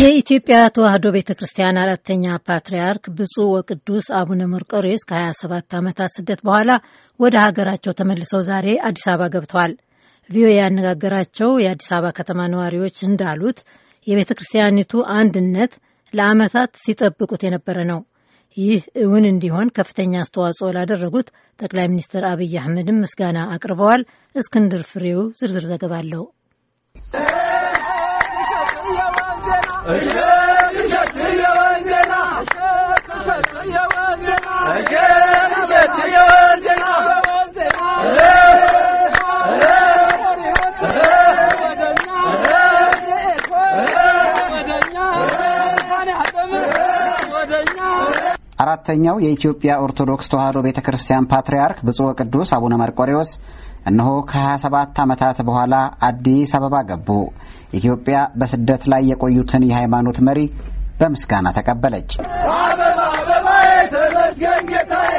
የኢትዮጵያ ተዋሕዶ ቤተ ክርስቲያን አራተኛ ፓትርያርክ ብፁዕ ወቅዱስ አቡነ መርቆሬዎስ ከ27 ዓመታት ስደት በኋላ ወደ ሀገራቸው ተመልሰው ዛሬ አዲስ አበባ ገብተዋል። ቪኦኤ ያነጋገራቸው የአዲስ አበባ ከተማ ነዋሪዎች እንዳሉት የቤተ ክርስቲያኒቱ አንድነት ለዓመታት ሲጠብቁት የነበረ ነው። ይህ እውን እንዲሆን ከፍተኛ አስተዋጽኦ ላደረጉት ጠቅላይ ሚኒስትር አብይ አህመድም ምስጋና አቅርበዋል። እስክንድር ፍሬው ዝርዝር ዘገባ አለው። አራተኛው የኢትዮጵያ ኦርቶዶክስ ተዋሕዶ ቤተ ክርስቲያን ፓትርያርክ ብፁዕ ቅዱስ አቡነ መርቆሬዎስ እነሆ ከ27 ዓመታት በኋላ አዲስ አበባ ገቡ። ኢትዮጵያ በስደት ላይ የቆዩትን የሃይማኖት መሪ በምስጋና ተቀበለች። ተመስገን ጌታዬ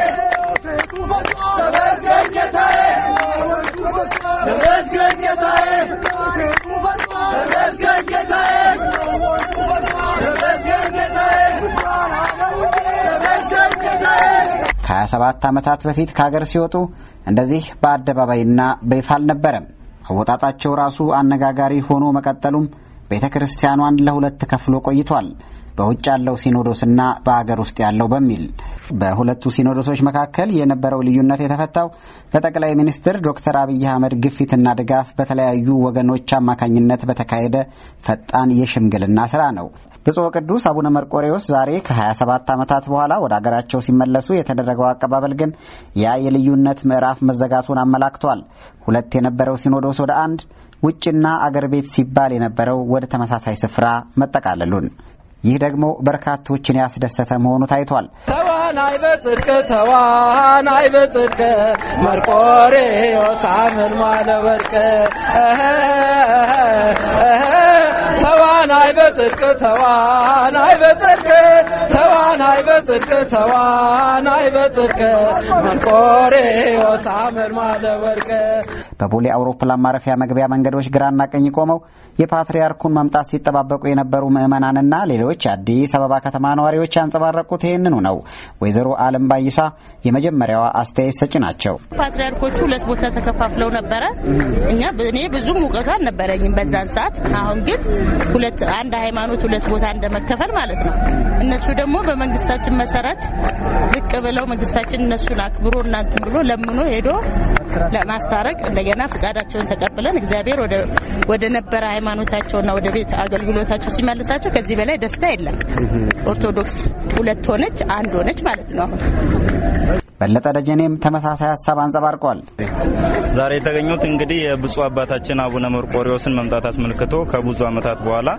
ከ27 ዓመታት በፊት ከሀገር ሲወጡ እንደዚህ በአደባባይና በይፋ አልነበረም። አወጣጣቸው ራሱ አነጋጋሪ ሆኖ መቀጠሉም ቤተ ክርስቲያኗን ለሁለት ከፍሎ ቆይቷል። በውጭ ያለው ሲኖዶስና በአገር ውስጥ ያለው በሚል በሁለቱ ሲኖዶሶች መካከል የነበረው ልዩነት የተፈታው በጠቅላይ ሚኒስትር ዶክተር አብይ አህመድ ግፊትና ድጋፍ በተለያዩ ወገኖች አማካኝነት በተካሄደ ፈጣን የሽምግልና ስራ ነው። ብፁዕ ቅዱስ አቡነ መርቆሬዎስ ዛሬ ከ27 ዓመታት በኋላ ወደ አገራቸው ሲመለሱ የተደረገው አቀባበል ግን ያ የልዩነት ምዕራፍ መዘጋቱን አመላክቷል። ሁለት የነበረው ሲኖዶስ ወደ አንድ፣ ውጭና አገር ቤት ሲባል የነበረው ወደ ተመሳሳይ ስፍራ መጠቃለሉን ይህ ደግሞ በርካቶችን ያስደሰተ መሆኑ ታይቷል። ተዋናይ በጽድቅ ተዋናይ በጽድቅ ተዋናይ በጽድቅ ተዋናይ በጽድቅ ተዋናይ በጽድቅ ተዋናይ በጽድቅ መንቆሬ ወሳምር ማለወርቅ በቦሌ አውሮፕላን ማረፊያ መግቢያ መንገዶች ግራና ቀኝ ቆመው የፓትርያርኩን መምጣት ሲጠባበቁ የነበሩ ምዕመናንና ሌሎች አዲስ አበባ ከተማ ነዋሪዎች ያንጸባረቁት ይህንኑ ነው። ወይዘሮ አለም ባይሳ የመጀመሪያዋ አስተያየት ሰጪ ናቸው። ፓትርያርኮቹ ሁለት ቦታ ተከፋፍለው ነበረ። እኛ እኔ ብዙም እውቀቱ አልነበረኝም በዛን ሰዓት። አሁን ግን ሁለት አንድ ሃይማኖት ሁለት ቦታ እንደመከፈል ማለት ነው። እነሱ ደግሞ በመንግስታችን መሰረት ዝቅ ብለው መንግስታችን እነሱን አክብሮ እናንትን ብሎ ለምኖ ሄዶ ለማስታረቅ እንደገና ፍቃዳቸውን ተቀብለን እግዚአብሔር ወደ ወደ ነበረ ሃይማኖታቸውና ወደ ቤት አገልግሎታቸው ሲመልሳቸው ከዚህ በላይ ደስታ የለም። ኦርቶዶክስ ሁለት ሆነች፣ አንድ ሆነች ማለት ነው አሁን በለጠ ደጀኔም ተመሳሳይ ሀሳብ አንጸባርቋል። ዛሬ የተገኙት እንግዲህ የብፁዕ አባታችን አቡነ መርቆሪዎስን መምጣት አስመልክቶ ከብዙ ዓመታት በኋላ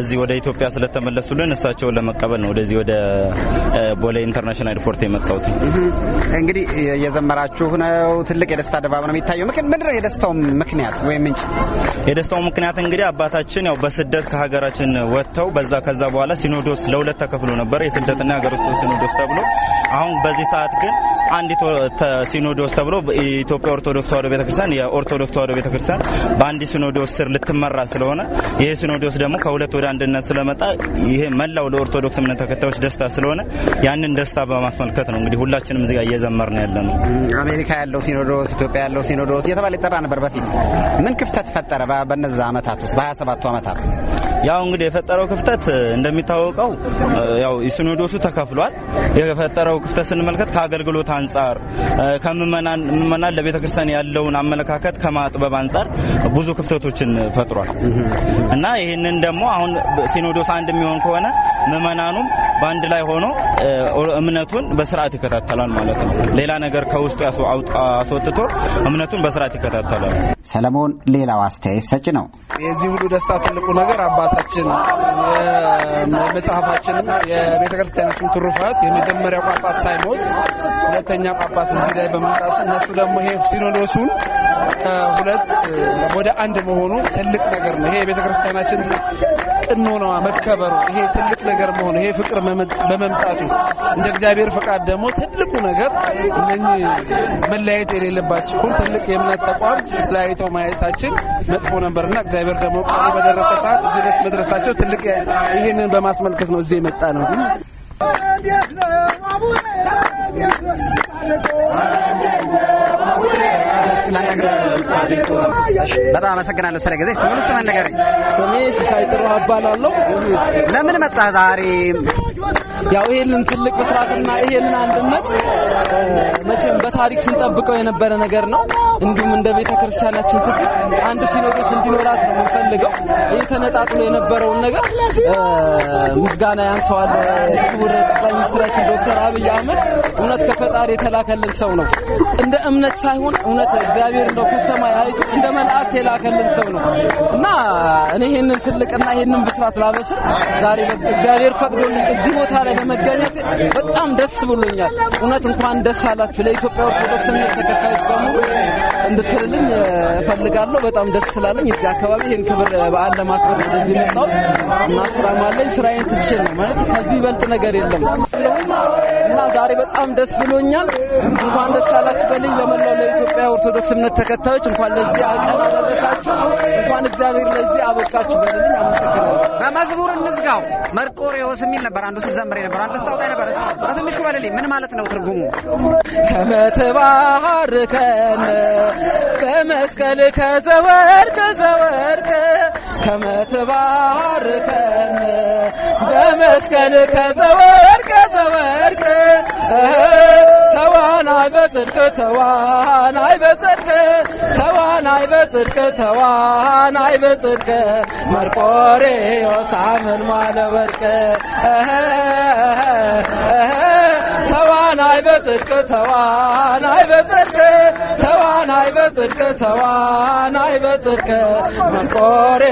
እዚህ ወደ ኢትዮጵያ ስለተመለሱልን እሳቸውን ለመቀበል ነው ወደዚህ ወደ ቦሌ ኢንተርናሽናል ኤርፖርት የመጣሁት። እንግዲህ እየዘመራችሁ ነው። ትልቅ የደስታ ድባብ ነው የሚታየው። ምንድን ነው የደስታው ምክንያት ወይም ምንጭ? የደስታው ምክንያት እንግዲህ አባታችን ያው በስደት ከሀገራችን ወጥተው በዛ ከዛ በኋላ ሲኖዶስ ለሁለት ተከፍሎ ነበር፣ የስደትና የሀገር ውስጥ ሲኖዶስ ተብሎ አሁን በዚህ ሰዓት ግን አንድ ሲኖዶስ ተብሎ የኢትዮጵያ ኦርቶዶክስ ተዋዶ ቤተክርስቲያን የኦርቶዶክስ ተዋዶ ቤተክርስቲያን በአንድ ሲኖዶስ ስር ልትመራ ስለሆነ ይህ ሲኖዶስ ደግሞ ከሁለት ወደ አንድነት ስለመጣ ይሄ መላው ለኦርቶዶክስ እምነት ተከታዮች ደስታ ስለሆነ ያንን ደስታ በማስመልከት ነው እንግዲህ ሁላችንም እዚህ ጋር እየዘመር ነው ያለ ነው። አሜሪካ ያለው ሲኖዶስ፣ ኢትዮጵያ ያለው ሲኖዶስ እየተባለ ይጠራ ነበር በፊት ምን ክፍተት ፈጠረ? በነዛ አመታት ውስጥ በ27ቱ አመታት ያው እንግዲህ የፈጠረው ክፍተት እንደሚታወቀው ያው ሲኖዶሱ ተከፍሏል። የፈጠረው ክፍተት ስንመልከት ከአገልግሎት አንጻር ከምእመናን ለቤተ ክርስቲያን ያለውን አመለካከት ከማጥበብ አንጻር ብዙ ክፍተቶችን ፈጥሯል እና ይህንን ደግሞ አሁን ሲኖዶስ አንድ የሚሆን ከሆነ ምእመናኑም በአንድ ላይ ሆኖ እምነቱን በስርዓት ይከታተላል ማለት ነው። ሌላ ነገር ከውስጡ አስወጥቶ እምነቱን በስርዓት ይከታተላል። ሰለሞን ሌላው አስተያየት ሰጭ ነው። የዚህ ሁሉ ደስታ ትልቁ ነገር አባታችን መጽሐፋችን የቤተ ትሩፋት የመጀመሪያ ጳጳስ ሳይሞት ሁለተኛ ጳጳስ እዚህ ላይ በመምጣቱ እነሱ ደግሞ ይሄ ሲኖዶሱን ከሁለት ወደ አንድ መሆኑ ትልቅ ነገር ነው። ይሄ የቤተ ክርስቲያናችን ቅኖናዋ መከበሩ ይሄ ትልቅ ነገር መሆኑ ይሄ ፍቅር በመምጣቱ እንደ እግዚአብሔር ፈቃድ ደግሞ ትልቁ ነገር እነኚህ መለያየት የሌለባቸው ትልቅ የእምነት ተቋም ተለያይተው ማየታችን መጥፎ ነበርና እግዚአብሔር ደግሞ ቃሉ በደረሰ ሰዓት እዚህ ደስ መድረሳቸው ትልቅ ይህንን በማስመልከት ነው እዚህ የመጣ ነው። በጣም አመሰግናለሁ ስለ ጊዜ። ስሙን እስከ መነገረኝ ስሜ ሲሳይ ጥሩ አባላለሁ። ለምን መጣ ዛሬ? ያው ይሄንን ትልቅ መስራትና ይሄንን አንድነት መቼም በታሪክ ስንጠብቀው የነበረ ነገር ነው። እንዲሁም እንደ ቤተ ክርስቲያናችን ትልቅ አንድ ሲኖዶስ እንዲኖራት ነው የምንፈልገው። እየተነጣጥሎ የነበረውን ነገር ምስጋና ያንሰዋል። ክቡር ጠቅላይ ሚኒስትራችን ዶክተር አብይ አህመድ እውነት ከፈጣሪ የተላከልን ሰው ነው። እንደ እምነት ሳይሆን እውነት እግዚአብሔር እንደው ከሰማይ አይቶ እንደ መልአክ የላከልን ሰው ነው እና እኔ ይሄንን ትልቅና ይሄንን ብስራት ላበስር ዛሬ እግዚአብሔር ፈቅዶልኝ እዚህ ቦታ ላይ በመገኘት በጣም ደስ ብሎኛል። እውነት እንኳን ደስ አላችሁ ለኢትዮጵያ ኦርቶዶክስ ተከታዮች በሙሉ እንድትልልኝ እፈልጋለሁ። በጣም ደስ ስላለኝ እዚህ አካባቢ ይህን ክብር በዓል ለማክበር እንደዚህ መጣሁት እና ስራም አለኝ። ስራዬን ትቼ ነው ማለት ከዚህ ይበልጥ ነገር የለም እና ዛሬ በጣም ደስ ብሎኛል። እንኳን ደስ ያላችሁ በልኝ። ለመላው ለኢትዮጵያ ኦርቶዶክስ እምነት ተከታዮች እንኳን ለዚህ አቀን አደረሳችሁ። እንኳን እግዚአብሔር ለዚህ አበቃችሁ በልኝ። አመሰግናለሁ። በመዝሙር እንዝጋው መርቆሬዎስ የሚል ነበር አንዱ ስትዘምር ነበር። አንተ ስታውጣኝ ነበር። በትንሹ በልልኝ ምን ማለት ነው ትርጉሙ? ከመ ትባርከነ በመስቀልከ ከዘወርከ ዘወርከ ከመ በመስቀል በመስቀልከ ዘወርከ ተዋናይ በጽድቅ ተዋናይ በጽድቅ ተዋናይ በጽድቅ ተዋናይ በጽድቅ መርቆሬ ዮሳምን ማለወርቅ ተዋናይ በጽድቅ ተዋናይ በጽድቅ ተዋናይ በጽድቅ ተዋናይ በጽድቅ መንቆሬ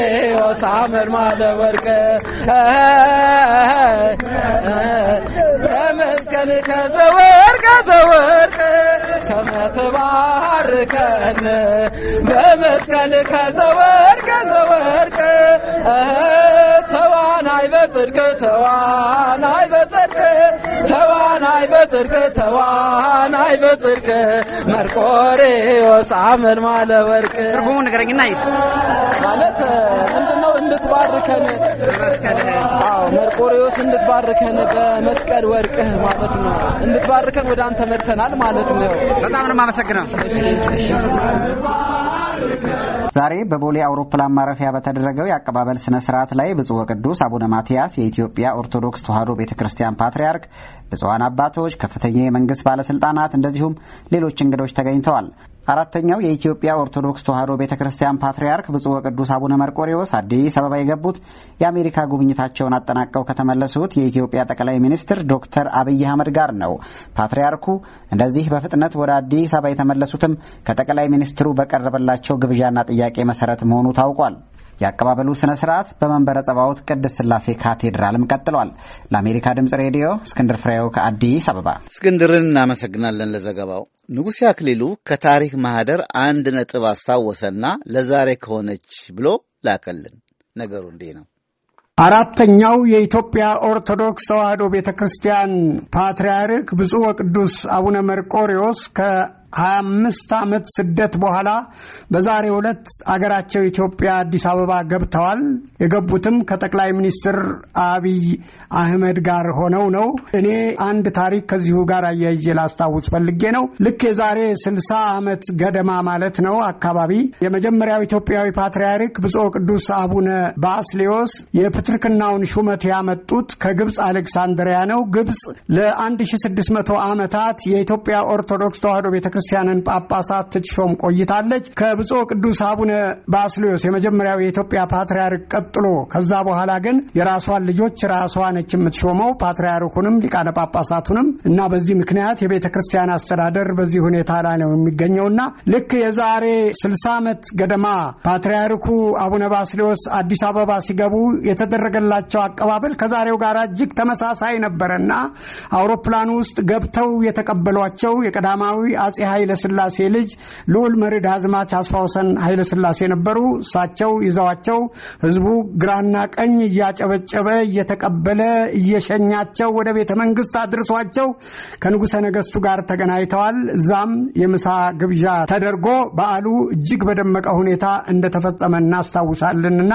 ወሳምር ማለ ወርቅ ተመስገን ከዘወርቅ ዘወርቅ ከመትባርከን በመስገን ከዘወርቅ ዘወርቅ ተዋናይ በጽድቅ ተዋናይ በጽድቅ ተዋናይ በጽድቅ ተዋናይ በጽድቅ መርቆሬዎስ ማለ ማለወርቅ ትርጉሙ ንገረኝና ይት ማለት ምንድነው? እንድትባርከን አዎ መርቆሪዎስ እንድትባርከን በመስቀል ወርቅህ ማለት ነው እንድትባርከን ወደ አንተ መጥተናል ማለት ነው። በጣም ነው የማመሰግነው። ዛሬ በቦሌ አውሮፕላን ማረፊያ በተደረገው የአቀባበል ስነ ስርዓት ላይ ብጹዕ ወቅዱስ አቡነ ማትያስ የኢትዮጵያ ኦርቶዶክስ ተዋሕዶ ቤተ ክርስቲያን ፓትርያርክ፣ ብፁዓን አባቶች፣ ከፍተኛ የመንግስት ባለስልጣናት እንደዚሁም ሌሎች እንግዶች ተገኝተዋል። አራተኛው የኢትዮጵያ ኦርቶዶክስ ተዋሕዶ ቤተ ክርስቲያን ፓትርያርክ ብፁዕ ወቅዱስ አቡነ መርቆሪዎስ አዲስ አበባ የገቡት የአሜሪካ ጉብኝታቸውን አጠናቀው ከተመለሱት የኢትዮጵያ ጠቅላይ ሚኒስትር ዶክተር አብይ አህመድ ጋር ነው። ፓትርያርኩ እንደዚህ በፍጥነት ወደ አዲስ አበባ የተመለሱትም ከጠቅላይ ሚኒስትሩ በቀረበላቸው ግብዣና ጥያቄ መሰረት መሆኑ ታውቋል። የአቀባበሉ ስነ ስርዓት በመንበረ ጸባዖት ቅድስት ስላሴ ካቴድራልም ቀጥሏል። ለአሜሪካ ድምጽ ሬዲዮ እስክንድር ፍሬው ከአዲስ አበባ። እስክንድርን እናመሰግናለን ለዘገባው። ንጉሴ አክሊሉ ከታሪክ ማህደር አንድ ነጥብ አስታወሰና ለዛሬ ከሆነች ብሎ ላከልን። ነገሩ እንዲህ ነው። አራተኛው የኢትዮጵያ ኦርቶዶክስ ተዋሕዶ ቤተ ክርስቲያን ፓትርያርክ ብፁዕ ወቅዱስ አቡነ መርቆሪዎስ ከ ሀያ አምስት ዓመት ስደት በኋላ በዛሬ ዕለት አገራቸው ኢትዮጵያ አዲስ አበባ ገብተዋል። የገቡትም ከጠቅላይ ሚኒስትር አብይ አህመድ ጋር ሆነው ነው። እኔ አንድ ታሪክ ከዚሁ ጋር አያይዤ ላስታውስ ፈልጌ ነው። ልክ የዛሬ ስልሳ ዓመት ገደማ ማለት ነው አካባቢ የመጀመሪያው ኢትዮጵያዊ ፓትርያርክ ብፁዕ ቅዱስ አቡነ ባስሌዎስ የፕትርክናውን ሹመት ያመጡት ከግብፅ አሌክሳንድሪያ ነው። ግብፅ ለ1600 ዓመታት የኢትዮጵያ ኦርቶዶክስ ተዋሕዶ ቤተ ክርስቲያንን ጳጳሳት ትሾም ቆይታለች። ከብፁዕ ቅዱስ አቡነ ባስልዮስ የመጀመሪያው የኢትዮጵያ ፓትርያርክ ቀጥሎ ከዛ በኋላ ግን የራሷን ልጆች ራሷ ነች የምትሾመው ፓትርያርኩንም ሊቃነ ጳጳሳቱንም እና በዚህ ምክንያት የቤተ ክርስቲያን አስተዳደር በዚህ ሁኔታ ላይ ነው የሚገኘውና ልክ የዛሬ ስልሳ ዓመት ገደማ ፓትርያርኩ አቡነ ባስልዮስ አዲስ አበባ ሲገቡ የተደረገላቸው አቀባበል ከዛሬው ጋር እጅግ ተመሳሳይ ነበረና አውሮፕላን ውስጥ ገብተው የተቀበሏቸው የቀዳማዊ አጼ የኃይለ ሥላሴ ልጅ ልዑል መሬድ አዝማች አስፋውሰን ኃይለ ሥላሴ ነበሩ። እሳቸው ይዘዋቸው ህዝቡ ግራና ቀኝ እያጨበጨበ እየተቀበለ እየሸኛቸው ወደ ቤተ መንግስት አድርሷቸው ከንጉሠ ነገሥቱ ጋር ተገናኝተዋል። እዛም የምሳ ግብዣ ተደርጎ በዓሉ እጅግ በደመቀ ሁኔታ እንደተፈጸመ እናስታውሳለንና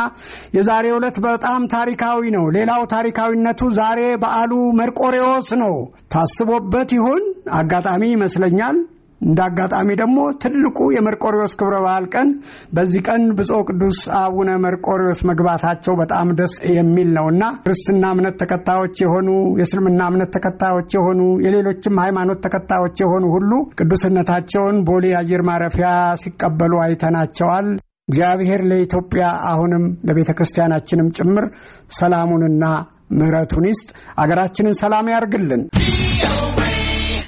የዛሬ ዕለት በጣም ታሪካዊ ነው። ሌላው ታሪካዊነቱ ዛሬ በዓሉ መርቆሬዎስ ነው። ታስቦበት ይሆን? አጋጣሚ ይመስለኛል። እንደ አጋጣሚ ደግሞ ትልቁ የመርቆሪዎስ ክብረ በዓል ቀን በዚህ ቀን ብፁዕ ቅዱስ አቡነ መርቆሪዎስ መግባታቸው በጣም ደስ የሚል ነውና ክርስትና እምነት ተከታዮች የሆኑ የእስልምና እምነት ተከታዮች የሆኑ የሌሎችም ሃይማኖት ተከታዮች የሆኑ ሁሉ ቅዱስነታቸውን ቦሌ አየር ማረፊያ ሲቀበሉ አይተናቸዋል። እግዚአብሔር ለኢትዮጵያ አሁንም ለቤተ ክርስቲያናችንም ጭምር ሰላሙንና ምሕረቱን ይስጥ። አገራችንን ሰላም ያርግልን።